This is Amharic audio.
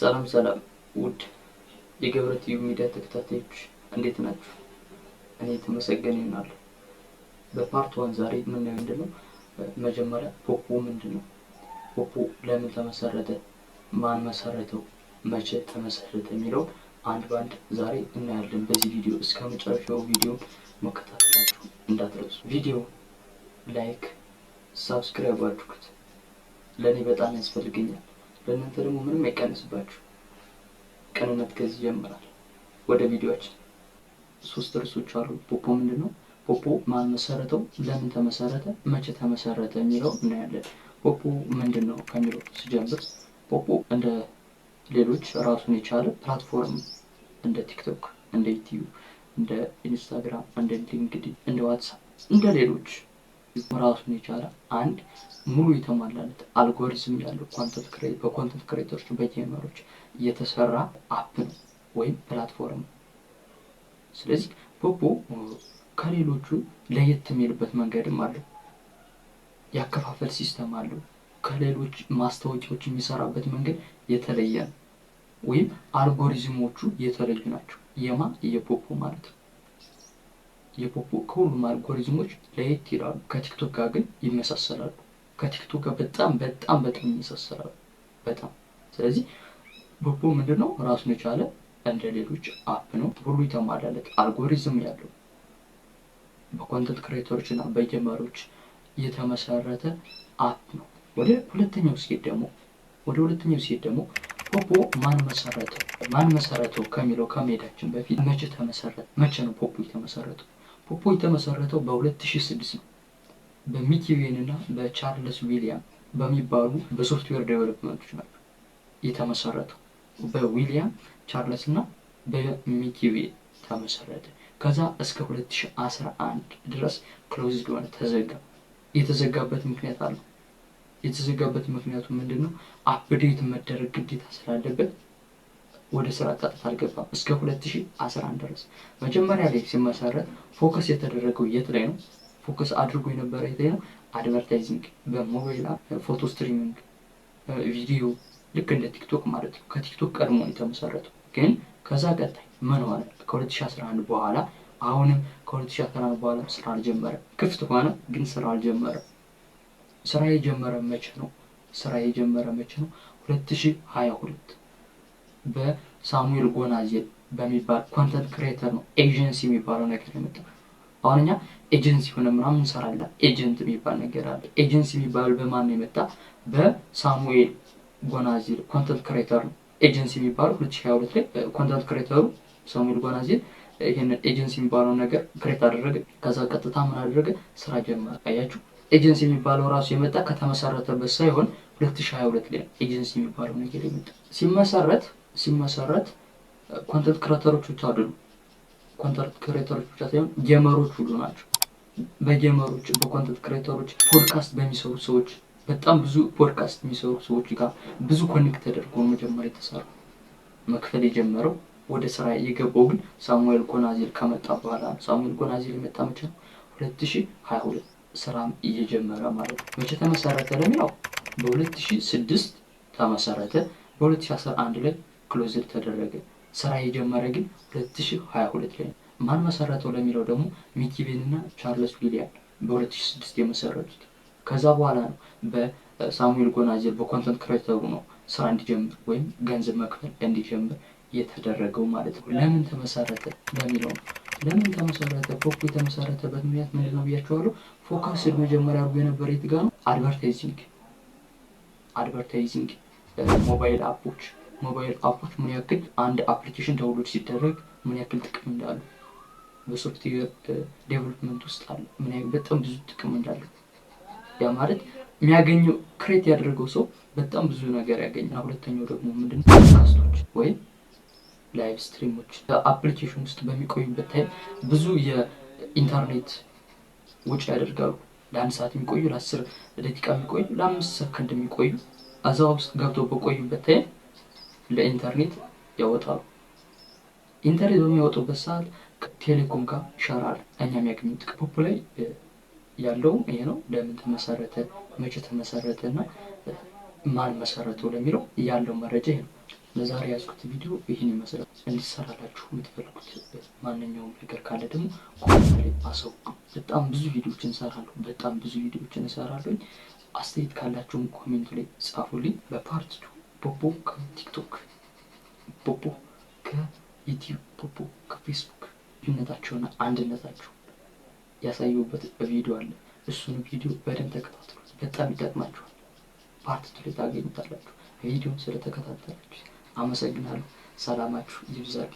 ሰላም ሰላም ውድ የገብረ ቲዩብ ሚዲያ ተከታታዮች እንዴት ናችሁ? እኔ የተመሰገነ ይሆናል። በፓርት ዋን ዛሬ የምናየው ምንድን ነው? መጀመሪያ ፖፖ ምንድን ነው? ፖፖ ለምን ተመሰረተ? ማን መሰረተው? መቼ ተመሰረተ? የሚለውን አንድ በአንድ ዛሬ እናያለን በዚህ ቪዲዮ። እስከ መጨረሻው ቪዲዮ መከታተላችሁ እንዳትረሱ። ቪዲዮ ላይክ፣ ሳብስክራይብ አድርጉት፣ ለእኔ በጣም ያስፈልገኛል። በእናንተ ደግሞ ምንም አይቀንስባችሁ። ቀንነት ከዚህ ይጀምራል። ወደ ቪዲዮችን ሶስት ርዕሶች አሉ። ፖፖ ምንድን ነው? ፖፖ ማን መሰረተው? ለምን ተመሰረተ? መቼ ተመሰረተ? የሚለው እናያለን። ፖፖ ምንድን ነው ከሚለው ስጀምር ፖፖ እንደ ሌሎች ራሱን የቻለ ፕላትፎርም እንደ ቲክቶክ፣ እንደ ዩቲዩብ፣ እንደ ኢንስታግራም፣ እንደ ሊንክድን፣ እንደ ዋትሳፕ እንደ ሌሎች ራሱን የቻለ አንድ ሙሉ የተሟላለት አልጎሪዝም ያለው በኮንተንት ክሬተሮች በጀመሮች የተሰራ አፕ ነው ወይም ፕላትፎርም። ስለዚህ ፖፖ ከሌሎቹ ለየት የሚልበት መንገድም አለው። ያከፋፈል ሲስተም አለው። ከሌሎች ማስታወቂያዎች የሚሰራበት መንገድ የተለየ ነው፣ ወይም አልጎሪዝሞቹ የተለዩ ናቸው። የማ የቦቦ ማለት ነው። የፖፖ ከሁሉም አልጎሪዝሞች ለየት ይላሉ። ከቲክቶክ ጋር ግን ይመሳሰላሉ። ከቲክቶክ ጋር በጣም በጣም በጣም ይመሳሰላሉ። በጣም ስለዚህ ፖፖ ምንድን ነው ራሱን የቻለ እንደ ሌሎች አፕ ነው። ሁሉ የተሟላለት አልጎሪዝም ያለው በኮንተንት ክሬተሮች እና በጀመሮች የተመሰረተ አፕ ነው። ወደ ሁለተኛው ሴት ደግሞ ወደ ሁለተኛው ሴት ደግሞ ፖፖ ማን መሰረተው ማን መሰረተው ከሚለው ከመሄዳችን በፊት መቼ ተመሰረተ? መቼ ነው ፖፖ የተመሰረተው? ፖፖ የተመሰረተው በ2006 ነው በሚኪ እና በቻርልስ ዊሊያም በሚባሉ በሶፍትዌር ዴቨሎፕመንቶች ናቸው የተመሰረተው። በዊሊያም ቻርለስ እና በሚኪ ተመሰረተ። ከዛ እስከ 2011 ድረስ ክሎዝድ ሆነ፣ ተዘጋ። የተዘጋበት ምክንያት አለው። የተዘጋበት ምክንያቱ ምንድን ነው? አፕዴት መደረግ ግዴታ ስላለበት ወደ ስራ አልገባም እስከ 2011 ድረስ መጀመሪያ ላይ ሲመሰረት ፎከስ የተደረገው የት ላይ ነው? ፎከስ አድርጎ የነበረ የት ላይ ነው? አድቨርታይዚንግ በሞባይል ፎቶ ስትሪሚንግ፣ ቪዲዮ ልክ እንደ ቲክቶክ ማለት ነው። ከቲክቶክ ቀድሞ የተመሰረተው ግን ከዛ ቀጣይ ምን ሆነ? ከ2011 በኋላ አሁንም ከ2011 በኋላ ስራ አልጀመረም። ክፍት ሆነ ግን ስራ አልጀመረም። ስራ የጀመረ መቼ ነው? ስራ የጀመረ መቼ ነው? 2022 በሳሙኤል ጎናዜ በሚባል ኮንተንት ክሬተር ነው ኤጀንሲ የሚባለው ነገር የመጣ አሁን እኛ ኤጀንሲ ሆነ ምናምን እንሰራለን። ኤጀንት የሚባል ነገር አለ። ኤጀንሲ የሚባለው በማን ነው የመጣ? በሳሙኤል ጎናዜ ኮንተንት ክሬተር ነው ኤጀንሲ የሚባለው። 2022 ላይ ኮንተንት ክሬተሩ ሳሙኤል ጎናዜ ይህን ኤጀንሲ የሚባለው ነገር ክሬት አደረገ። ከዛ ቀጥታ ምን አደረገ? ስራ ጀመረ። አያችሁ ኤጀንሲ የሚባለው ራሱ የመጣ ከተመሰረተበት ሳይሆን 2022 ላይ ኤጀንሲ የሚባለው ነገር የመጣ ሲመሰረት ሲመሰረት ኮንተንት ክሬተሮች ብቻ አይደሉም። ኮንተንት ክሬተሮች ብቻ ሳይሆን ጀመሮች ሁሉ ናቸው። በጀመሮች በኮንተንት ክሬተሮች ፖድካስት በሚሰሩ ሰዎች በጣም ብዙ ፖድካስት የሚሰሩ ሰዎች ጋር ብዙ ኮኔክት ተደርጎ መጀመሪያ የተሰራ መክፈል የጀመረው ወደ ስራ የገባው ግን ሳሙኤል ጎናዚል ከመጣ በኋላ ነው። ሳሙኤል ጎናዚል የመጣ መቼ ነው? ሁለት ሺ ሀያ ሁለት ስራም እየጀመረ ማለት ነው። መቼ ተመሰረተ ለሚለው በሁለት ሺ ስድስት ተመሰረተ። በሁለት ሺ አስራ አንድ ላይ ክሎዝድ ተደረገ። ስራ የጀመረ ግን 2022 ላይ ነው። ማን መሰረተው ለሚለው ደግሞ ሚኪ ቤን እና ቻርለስ ዊሊያን በ2006 የመሰረቱት። ከዛ በኋላ ነው በሳሙኤል ጎናዜር በኮንተንት ክሬተሩ ነው ስራ እንዲጀምር ወይም ገንዘብ መክፈል እንዲጀምር የተደረገው ማለት ነው። ለምን ተመሰረተ ለሚለው ነው። ለምን ተመሰረተ? ፎኩ የተመሰረተበት ምክንያት ምንድን ነው ብያቸዋለሁ። ፎከስ መጀመሪያ አድርጎ የነበረ የት ጋ ነው? አድቨርታይዚንግ አድቨርታይዚንግ ሞባይል አፖች ሞባይል አፖች ምን ያክል አንድ አፕሊኬሽን ዳውንሎድ ሲደረግ ምን ያክል ጥቅም እንዳሉ በሶፍትዌር ዴቨሎፕመንት ውስጥ አለ። ምን ያክል በጣም ብዙ ጥቅም እንዳለ ያ ማለት የሚያገኘው ክሬት ያደረገው ሰው በጣም ብዙ ነገር ያገኛል። ሁለተኛው ደግሞ ምንድን ፖድካስቶች ወይም ላይቭ ስትሪሞች አፕሊኬሽን ውስጥ በሚቆዩበት ታይም ብዙ የኢንተርኔት ውጭ ያደርጋሉ። ለአንድ ሰዓት የሚቆዩ፣ ለአስር ደቂቃ የሚቆዩ፣ ለአምስት ሰከንድ የሚቆዩ እዛ ውስጥ ገብተው በቆዩበት ታይም ለኢንተርኔት ያወጣሉ። ኢንተርኔት በሚያወጡበት ሰዓት ቴሌኮም ጋር ይሻራል። እኛም ያገኙት ቅቡቡ ላይ ያለው ይሄ ነው። ለምን ተመሰረተ፣ መቼ ተመሰረተ እና ማን መሰረተው ለሚለው ያለው መረጃ ይሄ ነው። ለዛሬ ያዝኩት ቪዲዮ ይህን ይመስላል። እንዲሰራላችሁ የምትፈልጉት ማንኛውም ነገር ካለ ደግሞ ኮሜንት ላይ አሳውቁ። በጣም ብዙ ቪዲዮዎች እንሰራለሁ። በጣም ብዙ ቪዲዮዎች እንሰራለሁኝ። አስተያየት ካላችሁም ኮሜንት ላይ ጻፉልኝ። በፓርት ቱ ቦቦ ከቲክቶክ ቦቦ ከዩቲዩብ ቦቦ ከፌስቡክ ልዩነታቸውና አንድነታቸው ያሳዩበት ቪዲዮ አለ። እሱን ቪዲዮ በደንብ ተከታትሉት፣ በጣም ይጠቅማችኋል። ፓርት ቱ ላይ ታገኙታላችሁ። ቪዲዮን ስለተከታተላችሁ አመሰግናለሁ። ሰላማችሁ ይብዛል።